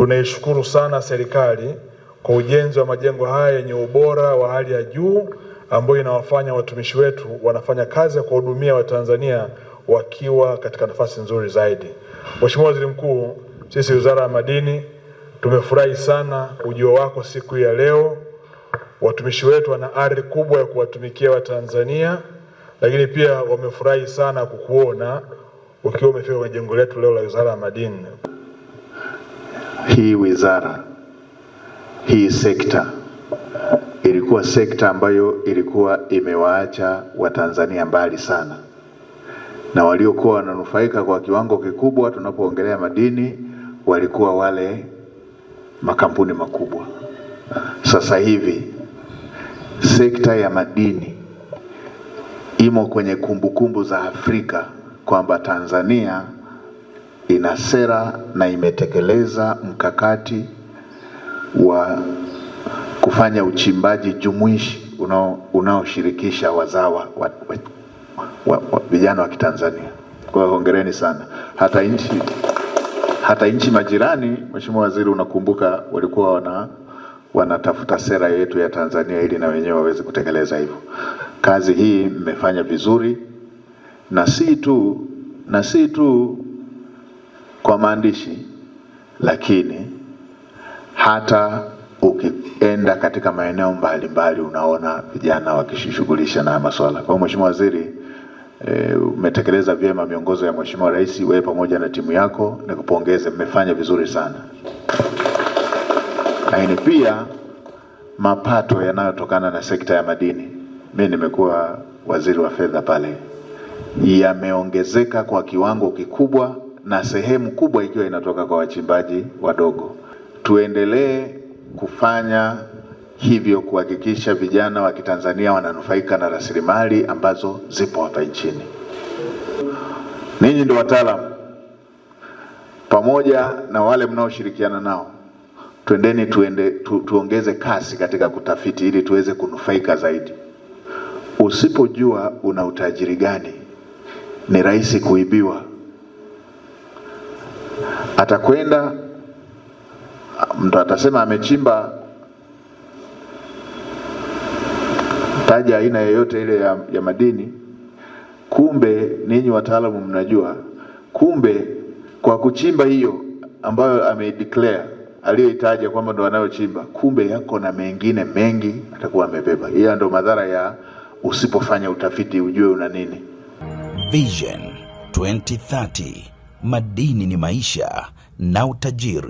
Tunaishukuru sana serikali kwa ujenzi wa majengo haya yenye ubora wa hali ya juu ambayo inawafanya watumishi wetu wanafanya kazi ya kuwahudumia Watanzania wakiwa katika nafasi nzuri zaidi. Mheshimiwa Waziri Mkuu, sisi Wizara ya Madini tumefurahi sana ujio wako siku ya leo. Watumishi wetu wana ari kubwa ya kuwatumikia Watanzania, lakini pia wamefurahi sana kukuona ukiwa umefika kwenye jengo letu leo la Wizara ya Madini hii wizara hii sekta ilikuwa sekta ambayo ilikuwa imewaacha Watanzania mbali sana, na waliokuwa wananufaika kwa kiwango kikubwa tunapoongelea madini walikuwa wale makampuni makubwa. Sasa hivi sekta ya madini imo kwenye kumbukumbu kumbu za Afrika kwamba Tanzania ina sera na imetekeleza mkakati wa kufanya uchimbaji jumuishi unaoshirikisha wazawa wa, wa, wa, vijana wa Kitanzania. Kwa hongereni sana. Hata nchi hata nchi majirani, Mheshimiwa Waziri, unakumbuka walikuwa wana wanatafuta sera yetu ya Tanzania ili na wenyewe waweze kutekeleza hivyo. Kazi hii mmefanya vizuri na si tu na si tu kwa maandishi, lakini hata ukienda katika maeneo mbalimbali unaona vijana wakishughulisha na masuala. Kwa Mheshimiwa Waziri, e, umetekeleza vyema miongozo ya Mheshimiwa Rais, wewe pamoja na timu yako, nikupongeze, mmefanya vizuri sana. Lakini pia mapato yanayotokana na sekta ya madini, mimi nimekuwa waziri wa fedha pale, yameongezeka kwa kiwango kikubwa na sehemu kubwa ikiwa inatoka kwa wachimbaji wadogo. Tuendelee kufanya hivyo kuhakikisha vijana wa Kitanzania wananufaika na rasilimali ambazo zipo hapa nchini. Ninyi ndio wataalamu, pamoja na wale mnaoshirikiana nao, twendeni tuende, tu, tuongeze kasi katika kutafiti ili tuweze kunufaika zaidi. Usipojua una utajiri gani, ni rahisi kuibiwa atakwenda mtu atasema amechimba taja aina yoyote ile ya, ya madini, kumbe ninyi wataalamu mnajua, kumbe kwa kuchimba hiyo ambayo ameideclare aliyoitaja kwamba ndo anayochimba, kumbe yako na mengine mengi atakuwa amebeba. Hiyo ndo madhara ya usipofanya utafiti, ujue una nini. Vision 2030 madini ni maisha na utajiri.